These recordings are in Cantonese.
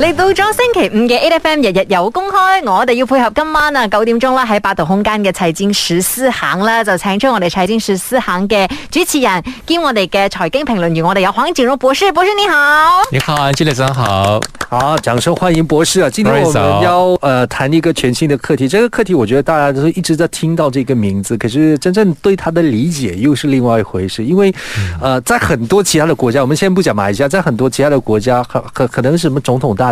嚟到咗星期五嘅8 F M 日日有公開，我哋要配合今晚啊九點鐘啦，喺八度空間嘅財經十四行啦，就請出我哋財經十四行嘅主持人兼我哋嘅財經評論員，我哋有黃錦榮博士，博士你好，你好，今日早上，好，好，掌聲歡迎博士啊！今天我們要呃談一個全新的課題，這個課題我覺得大家都一直在聽到這個名字，可是真正對他的理解又是另外一回事，因為，嗯、呃在很多其他的國家，我們先不講馬來西亞，在很多其他的國家可可可能是什麼總統大。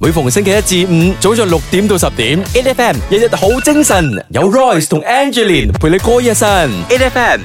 每逢星期一至五，早上六點到十點，A F M 日日好精神，有 Royce 同 Angeline 陪你歌一身，A F M。